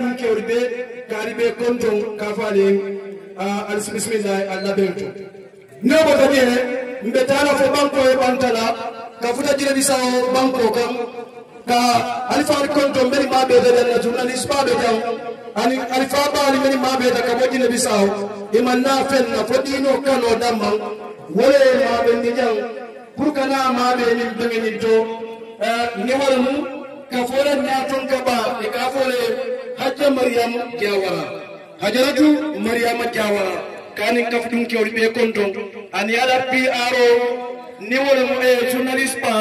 kani kewriɓe kariɓe konton kafalen alis bisimillahi allah ɓento nebo kadi he mbe tala fo banko e ɓantala ka futa jirabi sawo banko kam ka alifari konton mbeni maɓede janna journaliste baɓe jam ani alifa ɓaali mbeni maɓeda ka moƴƴi nebi sawo imanna fenna fo ɗino kano ɗamman wole maɓe ndi jam pour kana maɓe nin beŋenin to ni wara eh, mum كفولة ناتن كبا كفولة حج مريم جاورا حجرة مريم جاورا كان كفدون كيوري بيكونتون أن يالا بي آرو نيولا مؤية جورناليس با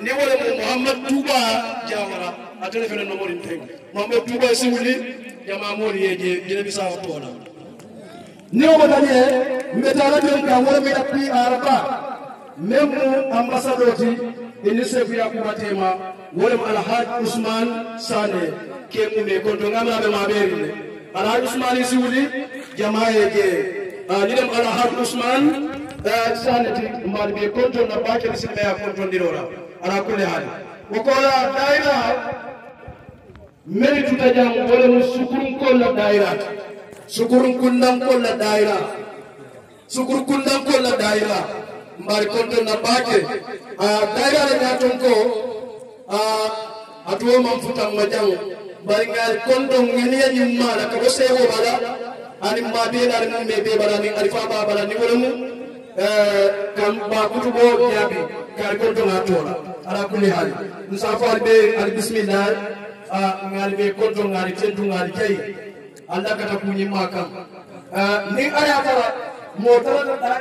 نيولا محمد توبا جاورا أتنا فينا نمور انتين محمد توبا سيولي يما موري يجي جنبي ساوة طولا نيولا دانيه مبتالا بيوم كامورا ميلا بي آرو با مemu ambasadoti inisefuyakuma tema wolem alhaji ousmane sane kemɗume ko to gamlaɓe ma ɓeerine alhaji ousmane siwli jama e jee ñinem alhaji ousmane sane ti mbaɗo mbiye kontonna ɓakel silmaya kontondirora ala kulle haali wokola dayra meri tuta jam wolem sukurunkolla dayra sukurunkundankolla dayra sukurunkundankolla dayra mbaɗi kontonna ɓake dayra le ñaton ko A ah, atuwo manfutan majang bari ngar kondong ngeniya mana Kalau saya mau bala ani mabe na ni me be bala ni arifa ba bala ni wolamu eh, kam ba kutu bo jabi kar kondong atola ala kulli hari musafar be al bismillah ah, ngar be kondong ngar tendu ngar jay alla kata punya makam. Eh, ni aya tara motara da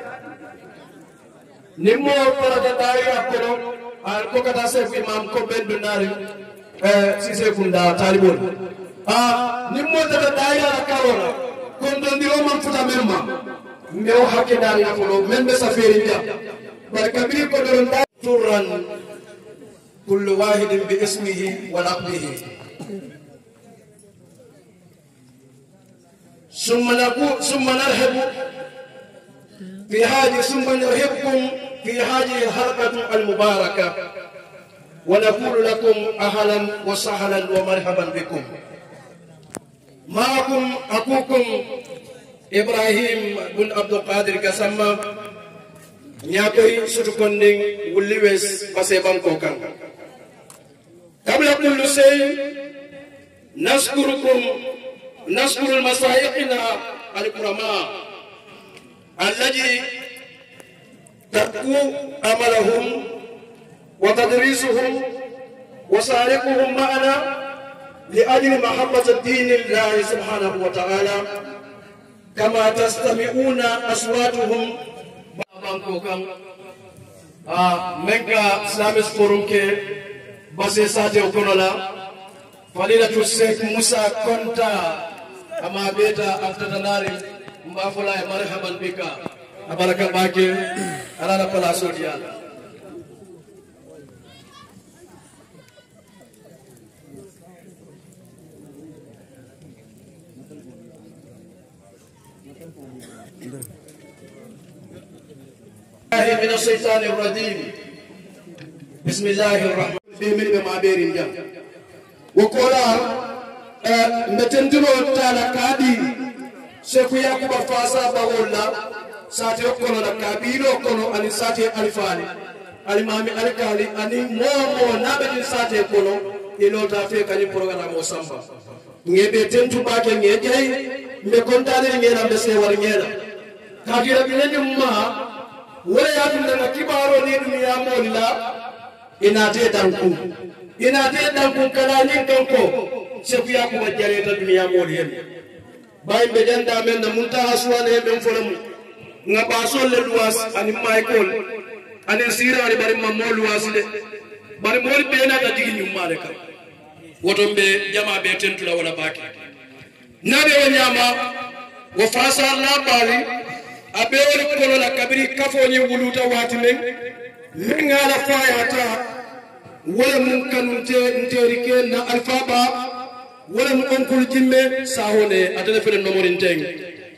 ni motara da tari akoro an ah, ko kata sefu imam ko ben si e sise kunda talibol a nimmo tata daira la karola kondo ndiro man futa memma mew hakke dari na fulo membe saferi ndia bar kabiri ko turan kullu wahidin bi ismihi wa laqbihi summa naqu summa narhabu bi hadi summa narhabukum في هذه الحلقة المباركة ونقول لكم أهلا وسهلا ومرحبا بكم معكم أخوكم إبراهيم بن عبد القادر كسما نياكوي سركوندين وليويس بسيبان كوكان قبل كل شيء نشكركم نشكر المسائحنا الكرماء الذي تكو عملهم وتدريسهم وسارقهم معنا لأجل محبة الدين الله سبحانه وتعالى كما تستمعون أصواتهم بابانكوكم منك سامس فورم بس بسي ساتي وكونولا فليلة الشيخ موسى كونتا أما بيتا أفتتناري مبافولا مرحبا بك abalaka make ala la palaso diala من الشيطان الرجيم بسم الله الرحمن الرحيم بما بيرين جام وقولار نتندلو آه، تعالى كادي شيخ يعقوب فاسا بقول sate kono na kabilo kono ani sate alfani alimami alikali ani momo nabedin sate kono inota fe kani programo samba ngebe tentu bake ngejei mbe kontane ngena mbe sewar ngena kakira bileni mma wala yatunda na kibaro ni dunia molla inate danku inate danku kalani kanko seku yakuma jareta dunia molla bayi mbe janda men na muntaha suwane men folamu nga baso le luwas ani michael ani sira ani bari mammo luwas de bari mool be na ta digi nyumma de kam woto be jama be tentula wala baki na be nyama wa fasa la bali abe wol kolo la kabiri kafo ni wuluta wati men men ala fayata wala mun kanu te nteri na alfaba wala mun onkul jimme sahone atele fere nomorinteng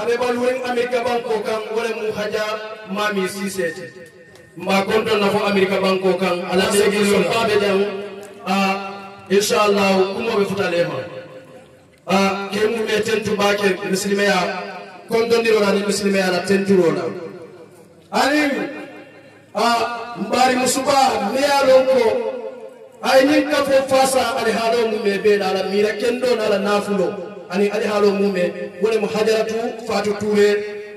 aɓe ɓalwen america banko kan wala mu haja maami sisete ma mba na fo america banko kan ala segison faɓe jam a inchallahu kumoɓe futalema a ke mume tentu bake musilimeya kontondirorani musilimeya la tenturola ani a mbari musuba meyalon ko aynin kafo fasa alhaalo mume ɓeɗa ala mira kenɗon la nafulo ani alhaalo mume wole mo hajaratu fatu touré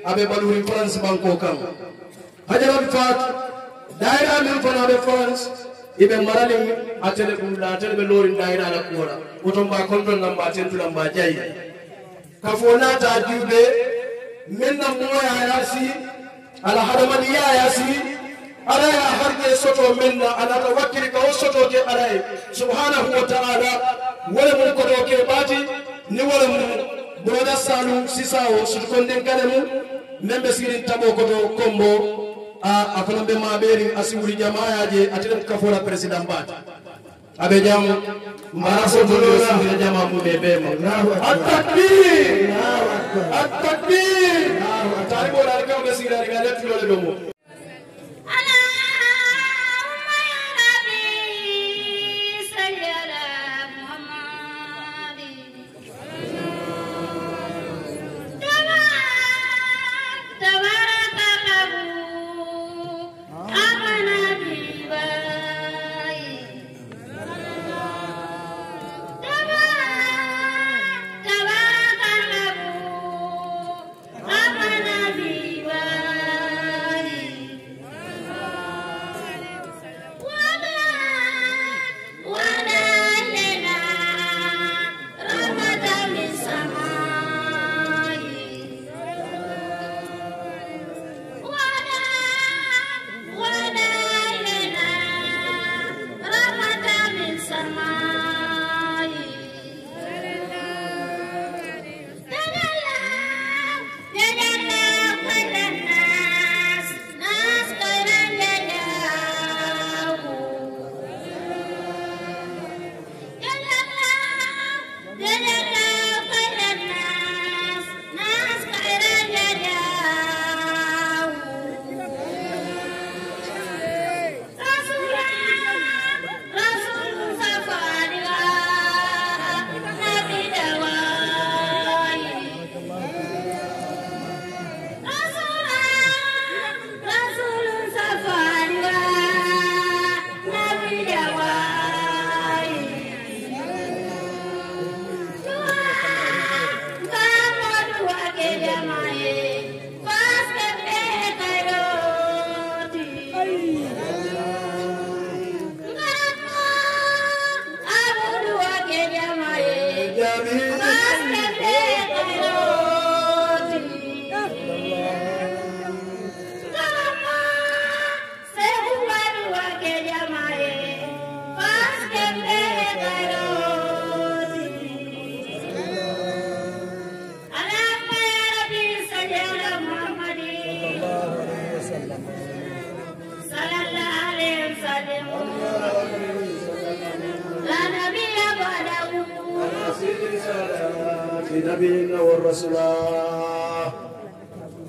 aɓe ɓaluri france banko kan hajaratu fat dayra men fana ɓe france iɓe marali a tele ɗum la tele ɓe lorin dayra ala kuora oton mba konton nan mba tentunan mba jayi kafo nata diwɓe min nan moyaya si ala haɗamani yaya si alaya harge soto minna anata wakkili ka wo sotoke alaye subhanahu wa taala wole mun kotoke ɓaati ni wolemu broda salu sisawo sutukonden kalemu men be sirin tabo koto kombo a a kono be maɓeerin asiwuri jamayaje ateɗen kafola président bat aɓe jam mbara sotoɗoa jama mume ɓeema attakbir attakbir tariɓoɗaari kamɓe sirari ga lettulole ɗo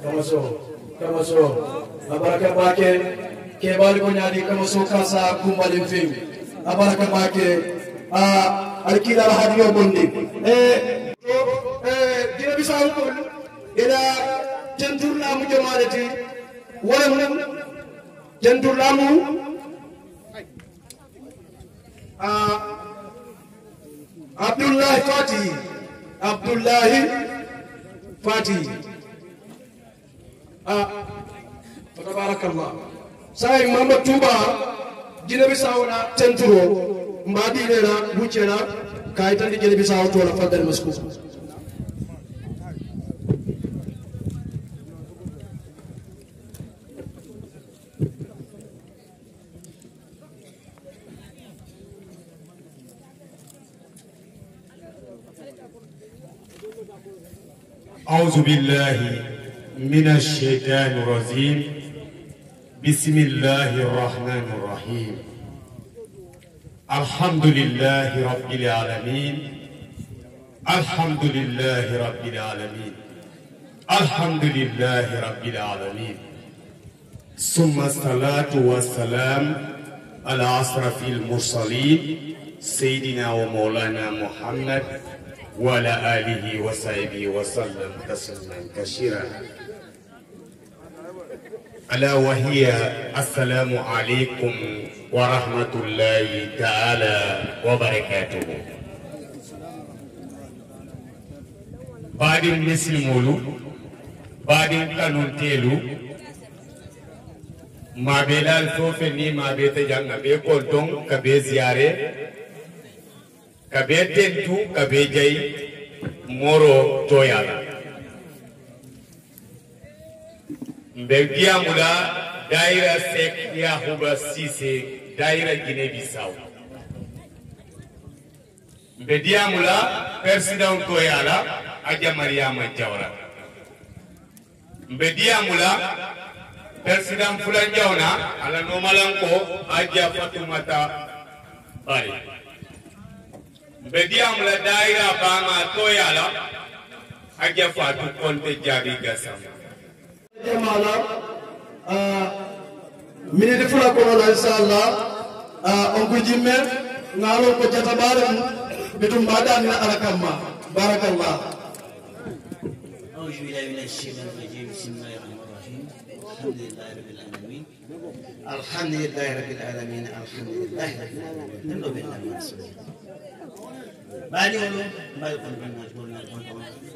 kamaso kamaso abaraka bake ke bal ko nyadi kamaso kasa kumbali mfim abaraka bake a alkila hadiyo bondi eh eh dina bisawu ko ila janturna mu jamalati wala mu janturna mu a Abdullah Fatih Abdullah Fatih ah fa tabarakallah sai mamba tuba jinabi sawla tenturo mbadi lena bucena kaitan di jinabi sawla tola fadal masku أعوذ بالله من الشيطان الرجيم بسم الله الرحمن الرحيم الحمد لله رب العالمين الحمد لله رب العالمين الحمد لله رب العالمين ثم الصلاة والسلام على أشرف المرسلين سيدنا ومولانا محمد وعلى آله وصحبه وسلم تسليما كثيرا ألا وهي السلام عليكم ورحمة الله تعالى وبركاته بعدين نسلمولو بعدين القانون تيلو ما الفوف ني ما بيت جنة بيقول دون كبي زيارة كبي تنتو كبي جاي مورو تويالا Mbegdia Mula, Daira Sek Yahuba Sise, Daira gine bissau Mbegdia Mula, Persida Unkoyala, Aja Mariama Jawara. Mbegdia Mula, Persida Mfulan Jawna, Ala Nomalanko, Aja Fatumata Bari. Mbegdia Mula, Daira Bama Toyala, Aja Fatu Konte Jabi Gasamu. emala uh, miniti fula إن la inshallah uh, onko jimme ngalo ko jata barem bitum badani na alakamma barakallah أعوذ بالله من الشيطان الرجيم بسم الله الرحمن الرحيم الحمد لله رب العالمين الحمد لله رب العالمين الحمد لله رب العالمين نلو بالله ما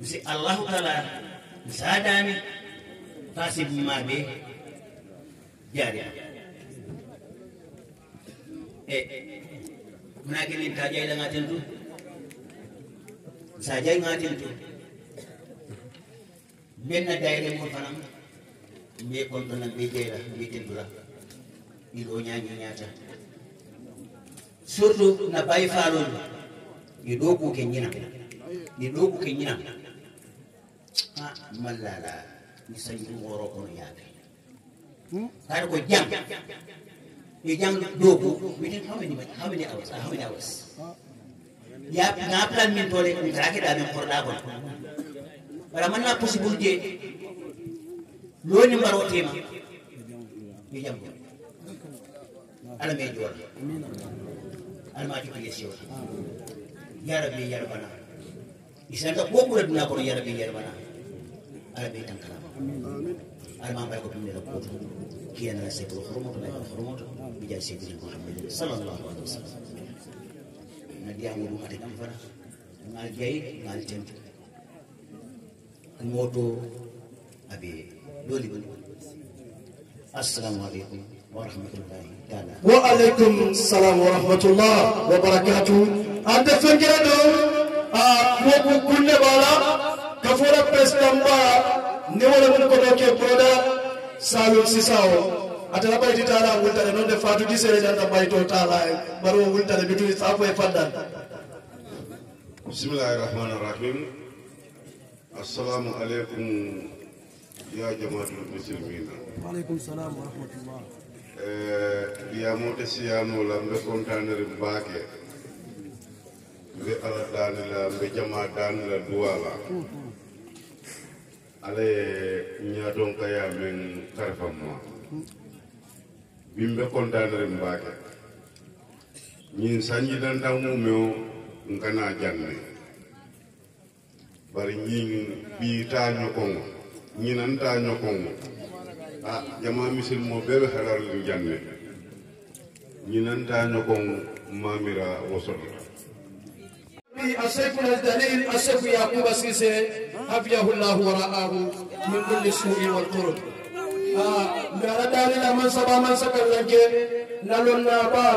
misi allahu taala sadani tasib mabe jari eh muna Eh, saja yang ngaten tu saja yang ngaten tu benna dayre yang fanam mbe biar to nan be lah mbe tendura ido nyaani nyaata suruh na bay hidupu ni do ko ke malala la ni sanji woro ko yaade tar hmm? ko jam you jang within how many minutes, how many hours how many hours ya na min tole ko tarake da min korda ko wala man na possible je loni maro tema you jang ala me jor ala ma ya rabbi ya rabbana isanta ko ko duna ko ya rabbi ya rabbana arabe en kanama alman bay ko ɗum ɗeɗa gooto kiyanana seykol hormoto laykol hormoto mbijaji seydina mouhammadin sallllahu alih wa sallam na ndiyamo ɗum ate ɗam fana ngal jeyi ngal tento moto aɓe ɗoli ɓoli assalamu aleykum wa rahmatullahi taala wa aleykum salam wa rahmatullah wa barakatuh ande fengiraɗo a mogu kunne bala kafura president ba ne wala mun ko doke proda sisawo atala bayti tala wultare non de fatu disere dan bayto tala baro wultare bitu safo e faddan bismillahirrahmanirrahim assalamu alaikum ya jama'atul muslimin wa alaikum salam wa rahmatullah eh ya mo tesiyano lambe kontanere mbake be ala danila be jama danila duwala mm -hmm. ala ye ɲadɔnkaya min karifa ma min bɛ kɔntanere n b'a kɛ ɲin sanjidandamu mew n kana janne bari ɲin bi taa ɲɔgɔngo ɲinan taa ɲɔgɔngo a jama misilimo bɛɛ bɛ halalin janne ɲinan taa ɲɔgɔngo mamira wasola الشيخ الدليل الشيخ يعقوب السيسي حفيه الله ورآه من كل سوء والقرب دارا دارنا من سبا من سكن لك نلون نابا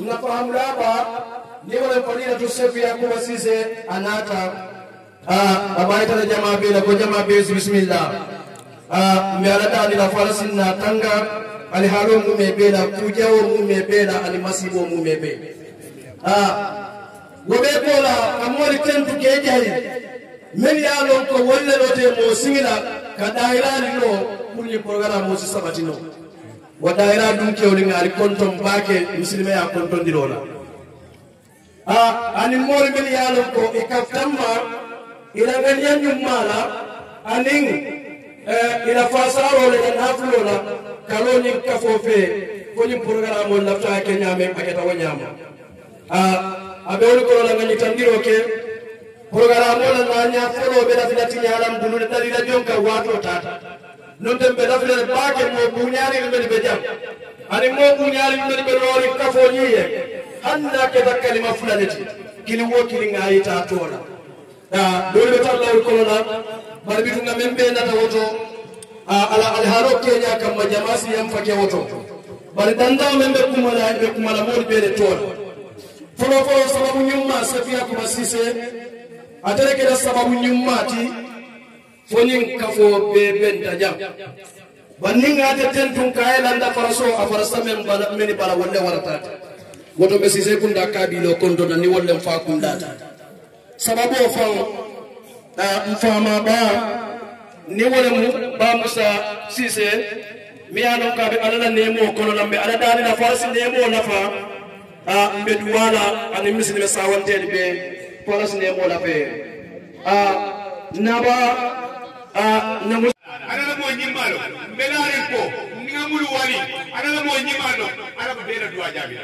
نفهم لابا نيولا فريدة السفية يعقوب سيسي أناتا أبايتنا جماعة بيلا كو جماعة بيس بسم الله ميالا دارنا فارسنا تنغا alihalo mume bela kujao mume bela alimasibo mume be ah wobe bola amori tentu kejali min eh, ah, ye a lon ko wolle ɗo te mo siŋila ka dayirani ɗo pour ye programme o si sabatino wa dayira ɗum kewliŋa ali konton baake misilime ya kontondiro la a ani moolu min ye a lon ko i kaftanma ila ganiya ñumma la aniŋ ila fasaro le ila nafulo la kalo ñiŋ kafo fee fo ñiŋ programme o lafita ke ñaame a ah, keta programmona naña folo ɓe dafina tiñalam dulude ɗaɗiɗa jon ka wato tata non ten ɓe dafinen baake mo ɓuñaariɓe men ɓe jam ani mo ɓuñaariɓe men ɓe loori kafoñiye hannda keta kalima fulaneti kili wo kili ŋayita toona a ɗoli ɓe tan lawol kolona barbitunga men ɓe nata woto ala alhaaro kam ma jama siyam fake woto bari danda men ɓe kumala ɓe kumala moɗi ɓeɗe toona folo folo sababu ñumma safiya kuma sise atare keda sababu ñummati foñin kafo be benta jam banningaate ten tentu kaye landa faraso a farasa men bala meni bala wolle waratata woto be sise kunda kondo na ni wollen fa kundata sababu o fan n faama ba ni wole mu ba musa sise mi ye lon ka be ala la kono la mbe ala daani la farasi neemo nafa a mbe duwala ani misilime sawanteɗe ɓe poros ne mo la fe ah, a naba a ah, na mus ana la mo nyimalo melari ko ngamulu wali ana la mo nyimalo ana ko bela jabi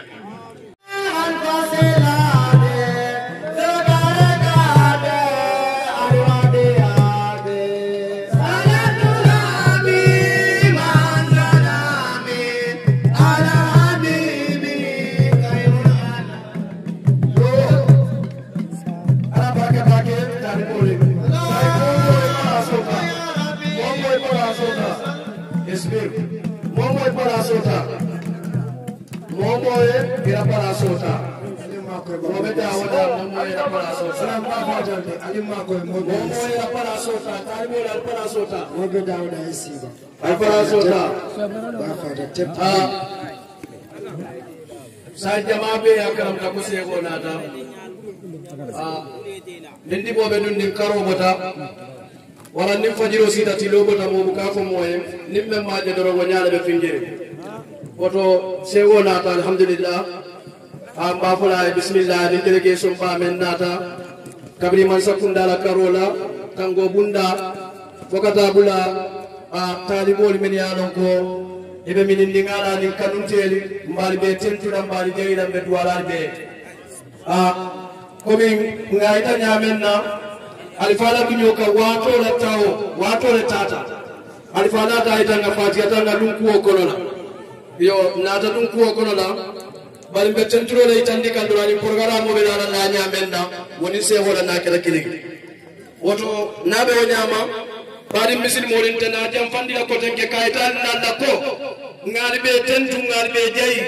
robeta wala mo ira para sota salam ba fa jante ali ma ko mo mo ira para sota tarbi ira para sota wobe dawda isi ba al para sota ba fa da tep sai jama be akaram ta ko se gona ta dindi bobe nun din karo mota wala nim fajiro sita tilo bota mo buka ko moye nim be ma je doro wanyala be fingere woto se gona ta alhamdulillah an bafola bisimillah ni délégation ba men nata kabri man sakkundala karola kango bunda fokata bula a taliboli men yalon ko eɓe minin ndi galani kanunteli mbali ɓe tentuɗan mbali jeyiɗan ɓe duwalani ɓe a komin gaytañamenna alifala duñoka watore tawo watore tata alifa nata ytanga fatiyatanga ɗum kuwo kolola yo nata ɗum kuwo kolola bari mbe tentiro le itandi kandurani programme be nana na nyamen na woni se hola na kala kini woto na wonya ma bari misil len tan jam fandi la koten ke kayta na da ko ngali be tentu ngali be jayi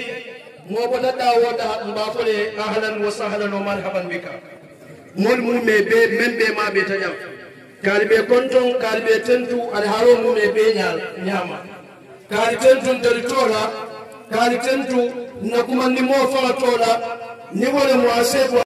mo bota da wota mbafole ahlan wa sahlan wa marhaban bika mol mu me be men be ma be tanyam be konton be tentu al haro mu me be nya nyama kalibe tentun tori tola kari tentu nakumanni mo fala tola ni wala muasebwa